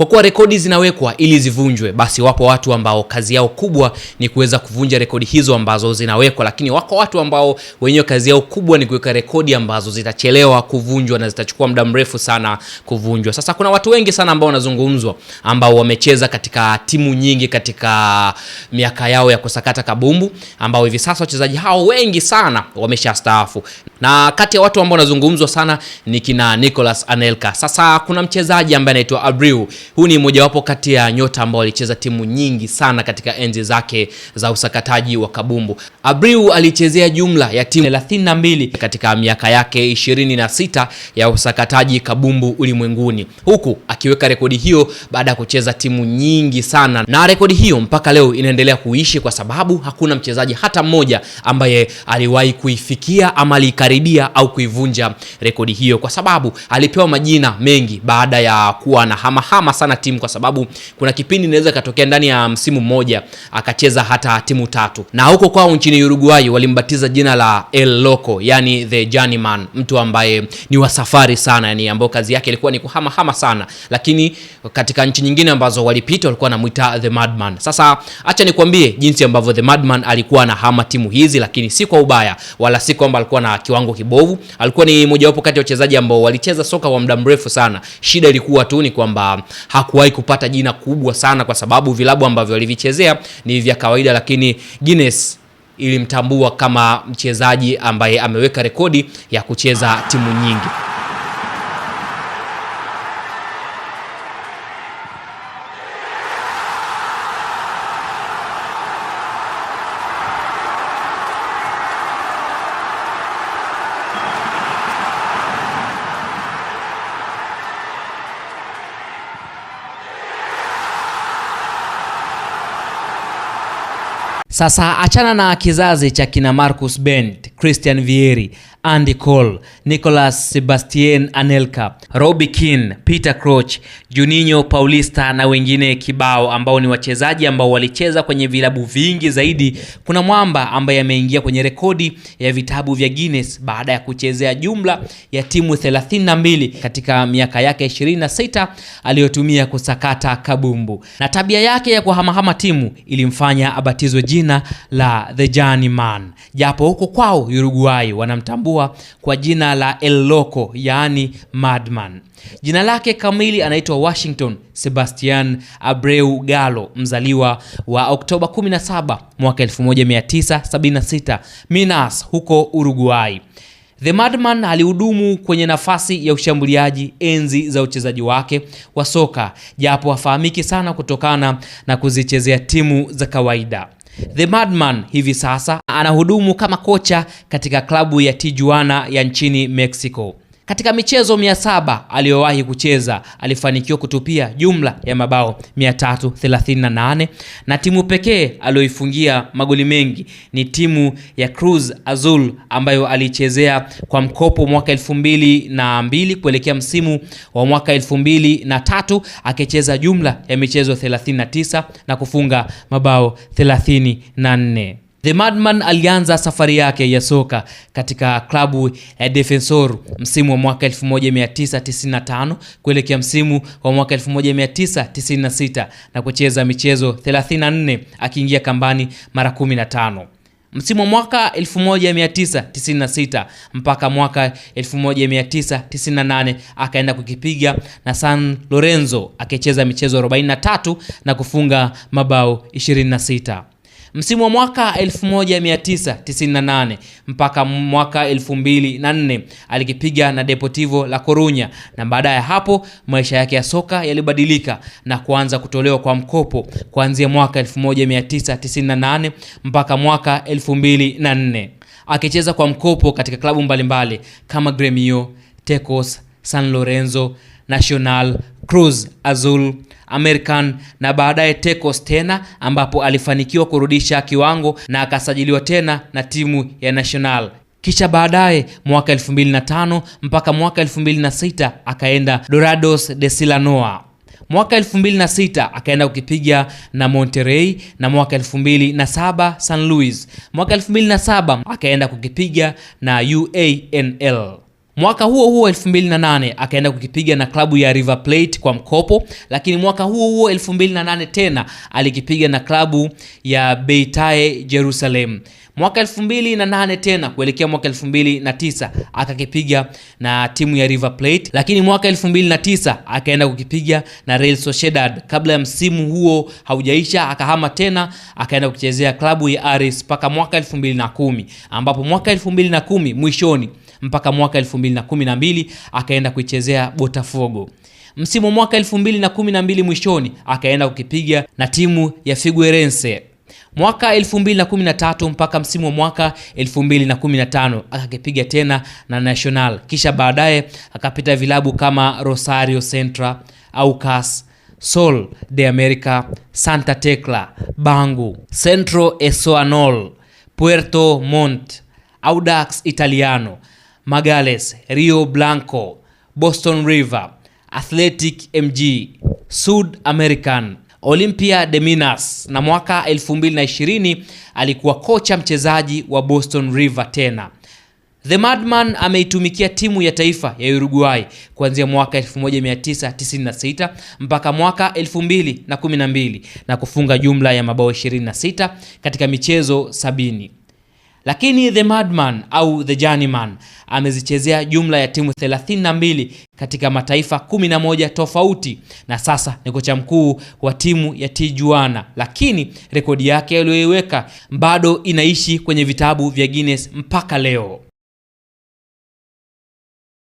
Kwa kuwa rekodi zinawekwa ili zivunjwe, basi wapo watu ambao kazi yao kubwa ni kuweza kuvunja rekodi hizo ambazo zinawekwa, lakini wako watu ambao wenyewe kazi yao kubwa ni kuweka rekodi ambazo zitachelewa kuvunjwa na zitachukua muda mrefu sana kuvunjwa. Sasa kuna watu wengi sana ambao wanazungumzwa, ambao wamecheza katika timu nyingi katika miaka yao ya kusakata kabumbu, ambao hivi sasa wachezaji hao wengi sana wameshastaafu na kati ya watu ambao wanazungumzwa sana ni kina Nicolas Anelka. Sasa kuna mchezaji ambaye anaitwa Abreu. huu ni mojawapo kati ya nyota ambao alicheza timu nyingi sana katika enzi zake za usakataji wa kabumbu. Abreu alichezea jumla ya timu 32 katika miaka yake 26 ya usakataji kabumbu ulimwenguni, huku akiweka rekodi hiyo baada ya kucheza timu nyingi sana, na rekodi hiyo mpaka leo inaendelea kuishi kwa sababu hakuna mchezaji hata mmoja ambaye aliwahi kuifikia ama kukaribia au kuivunja rekodi hiyo, kwa sababu alipewa majina mengi baada ya kuwa na hamahama sana timu, kwa sababu kuna kipindi inaweza ikatokea ndani ya msimu mmoja akacheza hata timu tatu. Na huko kwao nchini Uruguay walimbatiza jina la El Loco, yani the journeyman, mtu ambaye ni wa safari sana, yani ambao kazi yake ilikuwa ni kuhamahama sana, lakini katika nchi nyingine ambazo walipita walikuwa wanamwita the madman. Sasa acha nikwambie jinsi ambavyo the madman alikuwa anahama timu hizi, lakini si kwa ubaya wala si kwamba alikuwa na kiwango kiwango kibovu. Alikuwa ni mojawapo kati ya wachezaji ambao walicheza soka kwa muda mrefu sana. Shida ilikuwa tu ni kwamba hakuwahi kupata jina kubwa sana, kwa sababu vilabu ambavyo alivichezea ni vya kawaida, lakini Guinness ilimtambua kama mchezaji ambaye ameweka rekodi ya kucheza timu nyingi. Sasa achana na kizazi cha kina Marcus Bent, Christian Vieri, Andy Cole, Nicolas Sebastien Anelka, Robbie Keane, Peter Crouch, Juninho Paulista na wengine kibao ambao ni wachezaji ambao walicheza kwenye vilabu vingi zaidi. Kuna mwamba ambaye ameingia kwenye rekodi ya vitabu vya Guinness baada ya kuchezea jumla ya timu 32 katika miaka yake 26 aliyotumia kusakata kabumbu. Na tabia yake ya kuhamahama timu ilimfanya abatizwe jina jina la The man japo huko kwao Uruguay wanamtambua kwa jina la El Loco, yaani Madman. Jina lake kamili anaitwa Washington Sebastian Abreu Galo, mzaliwa wa Oktoba 17 mwaka 1976 Minas, huko Uruguay. The Madman alihudumu kwenye nafasi ya ushambuliaji enzi za uchezaji wake wa soka, japo hafahamiki sana kutokana na kuzichezea timu za kawaida. The Madman hivi sasa anahudumu kama kocha katika klabu ya Tijuana ya nchini Mexico. Katika michezo 700 aliyowahi kucheza alifanikiwa kutupia jumla ya mabao 338 na timu pekee aliyoifungia magoli mengi ni timu ya Cruz Azul ambayo alichezea kwa mkopo mwaka 2002 kuelekea msimu wa mwaka 2003 akicheza jumla ya michezo 39 na kufunga mabao 34. The Madman alianza safari yake ya soka katika klabu ya Defensor msimu wa mwaka 1995 kuelekea msimu wa mwaka 1996 na kucheza michezo 34 akiingia kambani mara 15. Msimu wa mwaka 1996 mpaka mwaka 1998 akaenda kukipiga na San Lorenzo akicheza michezo 43 na kufunga mabao 26. Msimu wa mwaka 1998 mpaka mwaka 2004 alikipiga na Deportivo La Corunya, na baada ya hapo maisha yake ya soka yalibadilika na kuanza kutolewa kwa mkopo kuanzia mwaka 1998 mpaka mwaka 2004 akicheza kwa mkopo katika klabu mbalimbali mbali, kama Gremio, Tecos, San Lorenzo, Nacional, Cruz Azul American na baadaye Tecos tena ambapo alifanikiwa kurudisha kiwango na akasajiliwa tena na timu ya National. Kisha baadaye mwaka 2005 mpaka mwaka 2006 akaenda Dorados de Silanoa. Mwaka 2006 akaenda kukipiga na Monterrey na mwaka 2007 San Luis. Mwaka 2007 akaenda kukipiga na UANL. Mwaka huo huo 2008 akaenda kukipiga na klabu ya River Plate kwa mkopo, lakini mwaka huo huo 2008 tena alikipiga na klabu ya Beitae Jerusalem. Mwaka 2008 tena kuelekea mwaka 2009 akakipiga na timu ya River Plate, lakini mwaka 2009 akaenda kukipiga na Real Sociedad. Kabla ya msimu huo haujaisha, akahama tena akaenda kuchezea klabu ya Aris mpaka mwaka 2010 ambapo mwaka 2010 mwishoni mpaka mwaka 2012 akaenda kuichezea Botafogo. Msimu mwaka 2012 mwishoni akaenda kukipiga na timu ya Figueirense. Mwaka 2013 mpaka msimu wa mwaka 2015 akakipiga tena na National, kisha baadaye akapita vilabu kama Rosario Central, Aucas, Sol de America, Santa Tecla, Bangu, Centro Esoanol, Puerto mont Audax Italiano Magales, Rio Blanco, Boston River, Athletic MG, Sud American, Olympia de Minas na mwaka 2020 alikuwa kocha mchezaji wa Boston River tena. The Madman ameitumikia timu ya taifa ya Uruguay kuanzia mwaka 1996 mpaka mwaka 2012 na kufunga jumla ya mabao 26 katika michezo sabini. Lakini the madman au the journeyman amezichezea jumla ya timu 32 katika mataifa 11 tofauti na sasa ni kocha mkuu wa timu ya Tijuana, lakini rekodi yake aliyoiweka bado inaishi kwenye vitabu vya Guinness mpaka leo.